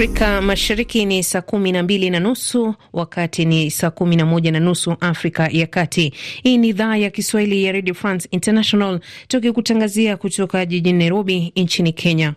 Afrika Mashariki ni saa kumi na mbili na nusu wakati ni saa kumi na moja na nusu Afrika ya Kati. Hii ni idhaa ya Kiswahili ya Radio France International tukikutangazia kutoka jijini Nairobi nchini Kenya.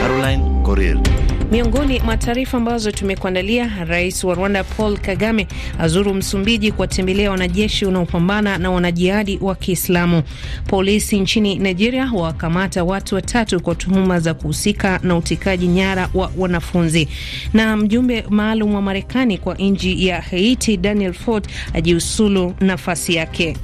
Caroline Corrier Miongoni mwa taarifa ambazo tumekuandalia, rais wa Rwanda Paul Kagame azuru Msumbiji kuwatembelea wanajeshi wanaopambana na wanajihadi wa Kiislamu. Polisi nchini Nigeria wawakamata watu watatu kwa tuhuma za kuhusika na utekaji nyara wa wanafunzi. Na mjumbe maalum wa Marekani kwa nchi ya Haiti Daniel Ford ajiusulu nafasi yake.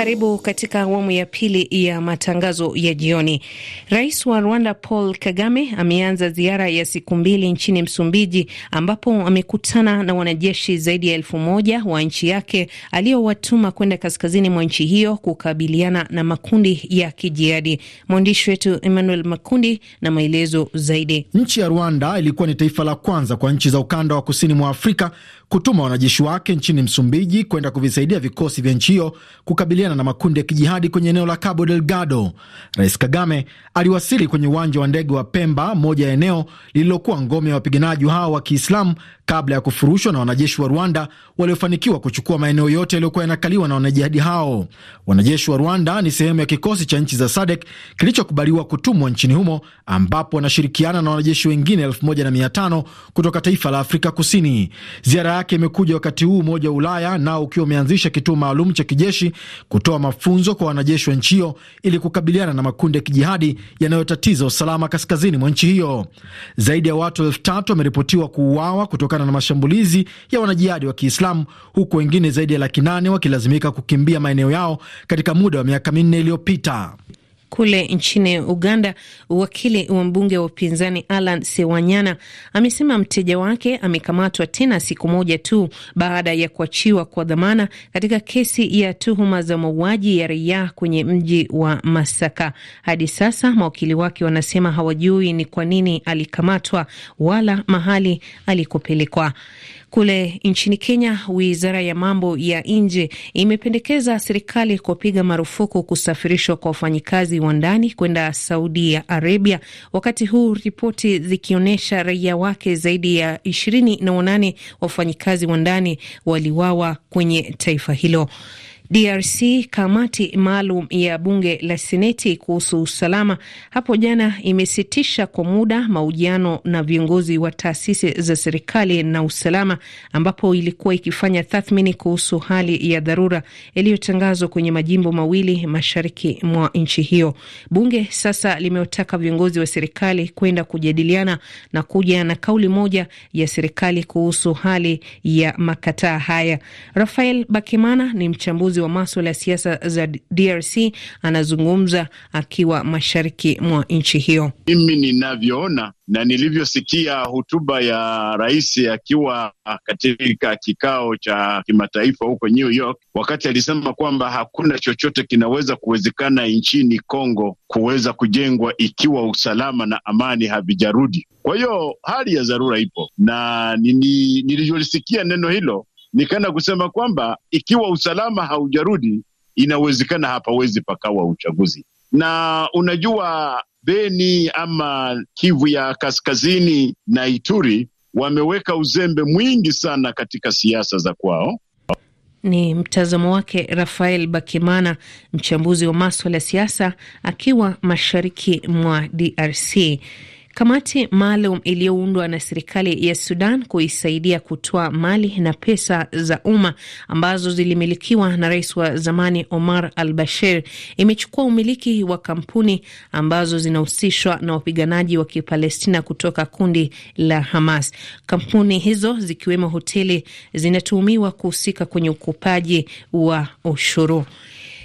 Karibu katika awamu ya pili ya matangazo ya jioni. Rais wa Rwanda Paul Kagame ameanza ziara ya siku mbili nchini Msumbiji, ambapo amekutana na wanajeshi zaidi ya elfu moja wa nchi yake aliyowatuma kwenda kaskazini mwa nchi hiyo kukabiliana na makundi ya kijiadi. Mwandishi wetu Emmanuel Makundi na maelezo zaidi. Nchi ya Rwanda ilikuwa ni taifa la kwanza kwa nchi za ukanda wa kusini mwa Afrika kutuma wanajeshi wake nchini Msumbiji kwenda kuvisaidia vikosi vya nchi hiyo kukabiliana na makundi ya kijihadi kwenye eneo la Cabo Delgado. Rais Kagame aliwasili kwenye uwanja wa ndege wa Pemba, moja ya eneo lililokuwa ngome ya wapiganaji hao wa Kiislamu kabla ya kufurushwa na wanajeshi wa Rwanda waliofanikiwa kuchukua maeneo yote yaliyokuwa yanakaliwa na wanajihadi hao. Wanajeshi wa Rwanda ni sehemu ya kikosi cha nchi za SADEK kilichokubaliwa kutumwa nchini humo ambapo wanashirikiana na wanajeshi wengine 1500 kutoka taifa la Afrika Kusini. Ziara yake imekuja wakati huu Umoja wa Ulaya nao ukiwa umeanzisha kituo maalum cha kijeshi kutoa mafunzo kwa wanajeshi wa nchi hiyo ili kukabiliana na makundi ya kijihadi yanayotatiza usalama kaskazini mwa nchi hiyo. Zaidi ya watu elfu tatu wameripotiwa kuuawa kutokana na mashambulizi ya wanajihadi wa Kiislamu, huku wengine zaidi ya laki nane wakilazimika kukimbia maeneo yao katika muda wa miaka minne iliyopita. Kule nchini Uganda, wakili wa mbunge wa upinzani Alan Sewanyana amesema mteja wake amekamatwa tena siku moja tu baada ya kuachiwa kwa dhamana katika kesi ya tuhuma za mauaji ya raia kwenye mji wa Masaka. Hadi sasa mawakili wake wanasema hawajui ni kwa nini alikamatwa wala mahali alikopelekwa. Kule nchini Kenya, wizara ya mambo ya nje imependekeza serikali kupiga marufuku kusafirishwa kwa wafanyikazi wa ndani kwenda Saudi ya Arabia, wakati huu ripoti zikionyesha raia wake zaidi ya ishirini na wanane wafanyikazi wa ndani waliwawa kwenye taifa hilo. DRC, kamati maalum ya bunge la seneti kuhusu usalama hapo jana imesitisha kwa muda mahojiano na viongozi wa taasisi za serikali na usalama, ambapo ilikuwa ikifanya tathmini kuhusu hali ya dharura iliyotangazwa kwenye majimbo mawili mashariki mwa nchi hiyo. Bunge sasa limewataka viongozi wa serikali kwenda kujadiliana na kuja na kauli moja ya serikali kuhusu hali ya makataa haya. Rafael Bakemana ni mchambuzi wa maswala ya siasa za DRC anazungumza akiwa mashariki mwa nchi hiyo. Mimi ninavyoona na nilivyosikia hotuba ya rais akiwa katika kikao cha kimataifa huko New York, wakati alisema kwamba hakuna chochote kinaweza kuwezekana nchini Kongo kuweza kujengwa ikiwa usalama na amani havijarudi. Kwa hiyo hali ya dharura ipo, na nilivyolisikia neno hilo nikaenda kusema kwamba ikiwa usalama haujarudi, inawezekana hapawezi pakawa uchaguzi. Na unajua Beni ama Kivu ya Kaskazini na Ituri wameweka uzembe mwingi sana katika siasa za kwao. Ni mtazamo wake Rafael Bakimana, mchambuzi wa maswala ya siasa, akiwa mashariki mwa DRC. Kamati maalum iliyoundwa na serikali ya Sudan kuisaidia kutoa mali na pesa za umma ambazo zilimilikiwa na rais wa zamani Omar al Bashir imechukua umiliki wa kampuni ambazo zinahusishwa na wapiganaji wa Kipalestina kutoka kundi la Hamas. Kampuni hizo zikiwemo hoteli zinatuhumiwa kuhusika kwenye ukupaji wa ushuru.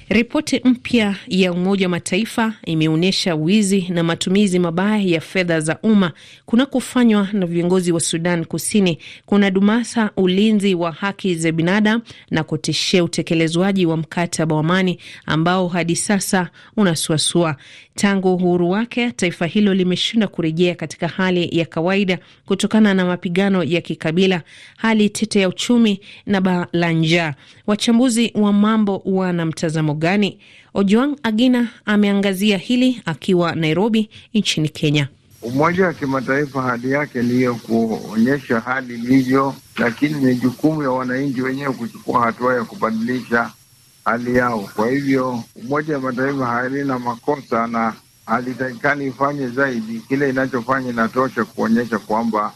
Ripoti mpya ya Umoja wa Mataifa imeonyesha wizi na matumizi mabaya ya fedha za umma kunakofanywa na viongozi wa Sudan Kusini kuna dumasa ulinzi wa haki za binadamu na kutishia utekelezwaji wa mkataba wa amani ambao hadi sasa unasuasua. Tangu uhuru wake, taifa hilo limeshindwa kurejea katika hali ya kawaida kutokana na mapigano ya kikabila, hali tete ya uchumi na baa la njaa. Wachambuzi wa mambo wana mtazamo gani? Ojuang Agina ameangazia hili akiwa Nairobi nchini Kenya. Umoja wa Kimataifa hali yake niyo kuonyesha hali ilivyo, lakini ni jukumu ya wananchi wenyewe kuchukua hatua ya kubadilisha hali yao. Kwa hivyo Umoja wa Mataifa halina makosa na halitakikani ifanye zaidi, kile inachofanya inatosha kuonyesha kwamba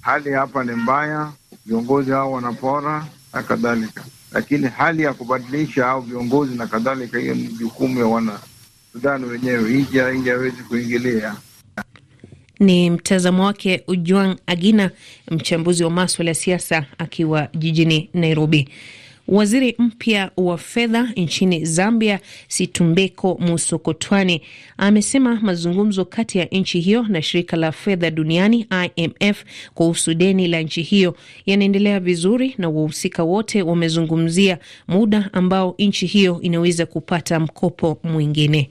hali hapa ni mbaya, viongozi hao wanapora na kadhalika lakini hali ya kubadilisha au viongozi na kadhalika, hiyo ni jukumu ya wana Sudani wenyewe, nje nje hawezi kuingilia. Ni mtazamo wake ujuan Agina, mchambuzi wa maswala ya siasa akiwa jijini Nairobi. Waziri mpya wa fedha nchini Zambia, Situmbeko Musokotwane, amesema mazungumzo kati ya nchi hiyo na shirika la fedha duniani IMF kuhusu deni la nchi hiyo yanaendelea vizuri na wahusika wote wamezungumzia muda ambao nchi hiyo inaweza kupata mkopo mwingine.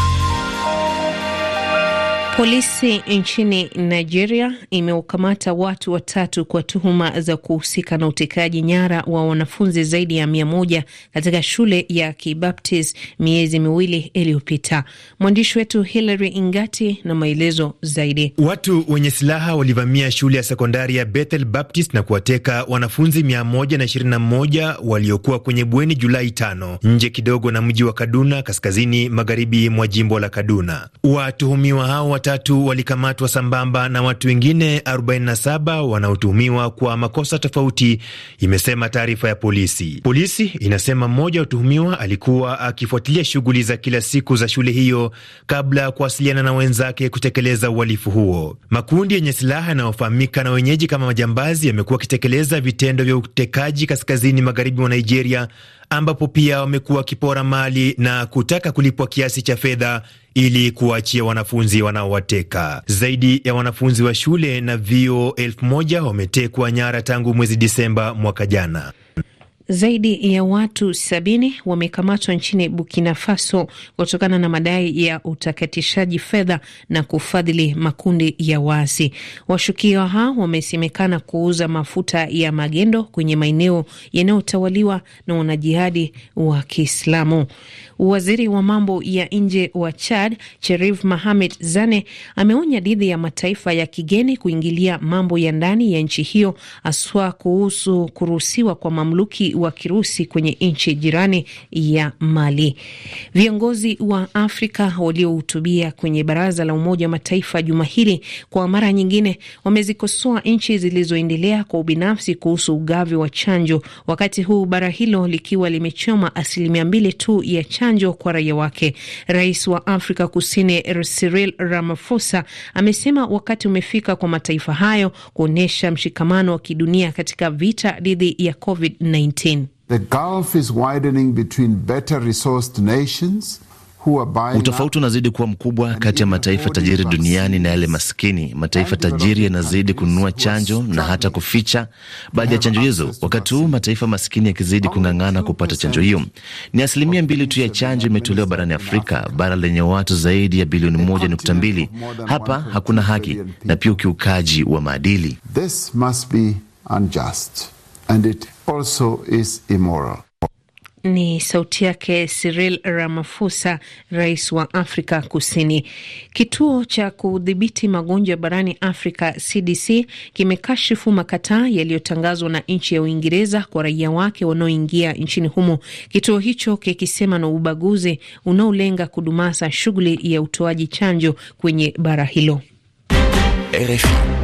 Polisi nchini Nigeria imewakamata watu watatu kwa tuhuma za kuhusika na utekaji nyara wa wanafunzi zaidi ya mia moja katika shule ya Kibaptist miezi miwili iliyopita. Mwandishi wetu Hilary Ingati na maelezo zaidi. Watu wenye silaha walivamia shule ya sekondari ya Bethel Baptist na kuwateka wanafunzi 121 waliokuwa kwenye bweni Julai tano, nje kidogo na mji wa Kaduna, kaskazini magharibi mwa jimbo la Kaduna. Watuhumiwa hao watatu walikamatwa sambamba na watu wengine 47 wanaotuhumiwa kwa makosa tofauti, imesema taarifa ya polisi. Polisi inasema mmoja wa watuhumiwa alikuwa akifuatilia shughuli za kila siku za shule hiyo kabla ya kuwasiliana na wenzake kutekeleza uhalifu huo. Makundi yenye silaha yanayofahamika na wenyeji kama majambazi yamekuwa akitekeleza vitendo vya utekaji kaskazini magharibi mwa Nigeria ambapo pia wamekuwa wakipora mali na kutaka kulipwa kiasi cha fedha ili kuwaachia wanafunzi wanaowateka. Zaidi ya wanafunzi wa shule na vio elfu moja wametekwa nyara tangu mwezi Disemba mwaka jana. Zaidi ya watu sabini wamekamatwa nchini Burkina Faso kutokana na madai ya utakatishaji fedha na kufadhili makundi ya waasi. Washukiwa hao wamesemekana kuuza mafuta ya magendo kwenye maeneo yanayotawaliwa na wanajihadi wa Kiislamu. Waziri wa mambo ya nje wa Chad, Cherif mahamed Zane, ameonya dhidi ya mataifa ya kigeni kuingilia mambo ya ndani ya nchi hiyo, haswa kuhusu kuruhusiwa kwa mamluki wa kirusi kwenye nchi jirani ya Mali. Viongozi wa Afrika waliohutubia kwenye Baraza la Umoja wa Mataifa juma hili kwa mara nyingine wamezikosoa nchi zilizoendelea kwa ubinafsi kuhusu ugavi wa chanjo, wakati huu bara hilo likiwa limechoma asilimia mbili tu ya chanjo kwa raia wake. Rais wa Afrika Kusini Cyril Ramaphosa amesema wakati umefika kwa mataifa hayo kuonyesha mshikamano wa kidunia katika vita dhidi ya COVID-19. The gulf is widening between better resourced nations. Utofauti unazidi kuwa mkubwa kati ya mataifa tajiri duniani na yale maskini. Mataifa tajiri yanazidi kununua chanjo na hata kuficha baadhi ya chanjo hizo, wakati huu mataifa maskini yakizidi kung'ang'ana kupata chanjo hiyo. Ni asilimia mbili tu ya chanjo imetolewa barani Afrika, bara lenye watu zaidi ya bilioni moja nukta mbili. Hapa hakuna haki na pia ukiukaji wa maadili. This must be unjust and it also is immoral. Ni sauti yake Cyril Ramaphosa, rais wa Afrika Kusini. Kituo cha kudhibiti magonjwa barani Afrika, CDC, kimekashifu makataa yaliyotangazwa na nchi ya Uingereza kwa raia wake wanaoingia nchini humo, kituo hicho kikisema na ubaguzi unaolenga kudumasa shughuli ya utoaji chanjo kwenye bara hilo. RFI.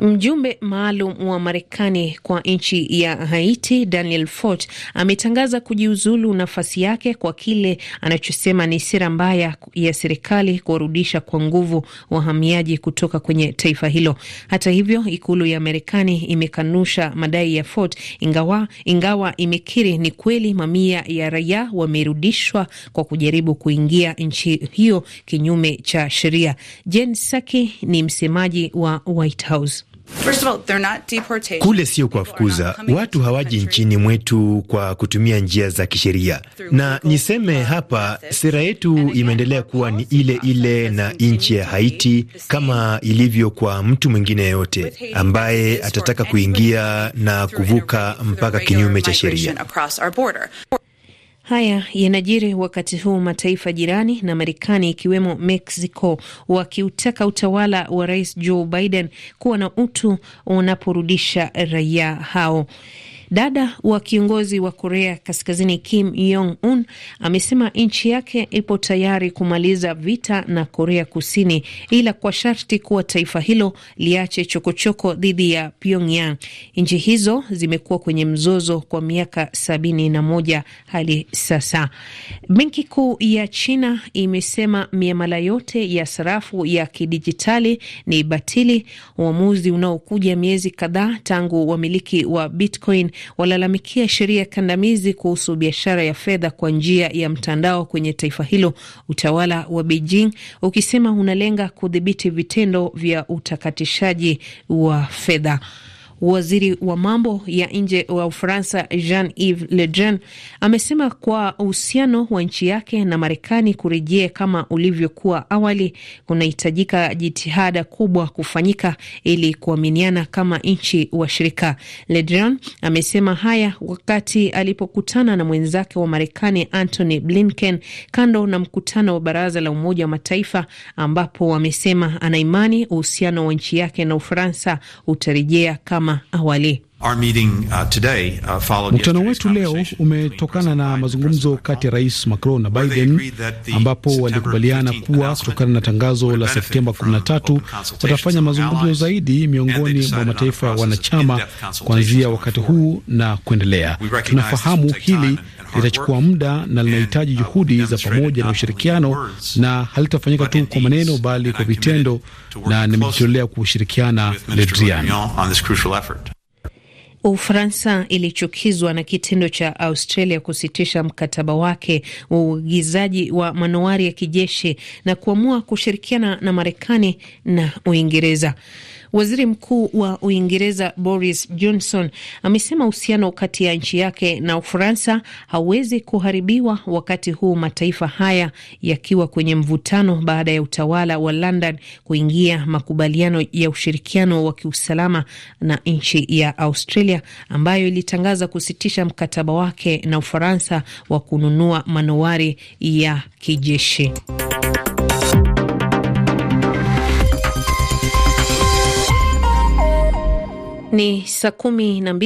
Mjumbe maalum wa Marekani kwa nchi ya Haiti, Daniel Fort, ametangaza kujiuzulu nafasi yake kwa kile anachosema ni sera mbaya ya serikali kuwarudisha kwa nguvu wahamiaji kutoka kwenye taifa hilo. Hata hivyo, ikulu ya Marekani imekanusha madai ya Fort ingawa, ingawa imekiri ni kweli mamia ya raia wamerudishwa kwa kujaribu kuingia nchi hiyo kinyume cha sheria. Jen Psaki ni msemaji wa White House. Kule sio kuwafukuza watu, hawaji nchini mwetu kwa kutumia njia za kisheria. Na niseme hapa, sera yetu imeendelea kuwa ni ile ile na nchi ya Haiti, kama ilivyo kwa mtu mwingine yeyote ambaye atataka kuingia na kuvuka mpaka kinyume cha sheria. Haya yanajiri wakati huu mataifa jirani na Marekani ikiwemo Mexico wakiutaka utawala wa Rais Joe Biden kuwa na utu unaporudisha raia hao. Dada wa kiongozi wa Korea Kaskazini Kim Jong Un amesema nchi yake ipo tayari kumaliza vita na Korea Kusini, ila kwa sharti kuwa taifa hilo liache chokochoko dhidi ya Pyongyang. Nchi hizo zimekuwa kwenye mzozo kwa miaka sabini na moja hadi sasa. Benki Kuu ya China imesema miamala yote ya sarafu ya kidijitali ni batili, uamuzi unaokuja miezi kadhaa tangu wamiliki wa Bitcoin walalamikia sheria kandamizi kuhusu biashara ya fedha kwa njia ya mtandao kwenye taifa hilo, utawala wa Beijing ukisema unalenga kudhibiti vitendo vya utakatishaji wa fedha. Waziri wa mambo ya nje wa Ufaransa Jean-Yves Le Drian amesema kwa uhusiano wa nchi yake na Marekani kurejea kama ulivyokuwa awali, kunahitajika jitihada kubwa kufanyika ili kuaminiana kama nchi washirika. Le Drian amesema haya wakati alipokutana na mwenzake wa Marekani Antony Blinken kando na mkutano wa Baraza la Umoja wa Mataifa, ambapo amesema anaimani uhusiano wa nchi yake na Ufaransa utarejea kama أهواليه Uh, uh, Mkutano wetu leo umetokana na mazungumzo kati ya rais Macron na Biden, ambapo walikubaliana kuwa kutokana na tangazo la Septemba 13 watafanya mazungumzo zaidi miongoni mwa mataifa ya wanachama kuanzia wakati huu na kuendelea. Tunafahamu hili litachukua muda na uh, linahitaji juhudi za pamoja na ushirikiano, na halitafanyika tu kwa maneno, bali kwa vitendo, na nimejitolea kushirikiana na Adrian Ufaransa ilichukizwa na kitendo cha Australia kusitisha mkataba wake wa uagizaji wa manowari ya kijeshi na kuamua kushirikiana na Marekani na Uingereza. Waziri Mkuu wa Uingereza Boris Johnson amesema uhusiano kati ya nchi yake na Ufaransa hauwezi kuharibiwa wakati huu mataifa haya yakiwa kwenye mvutano baada ya utawala wa London kuingia makubaliano ya ushirikiano wa kiusalama na nchi ya Australia ambayo ilitangaza kusitisha mkataba wake na Ufaransa wa kununua manowari ya kijeshi. Ni saa kumi na mbili.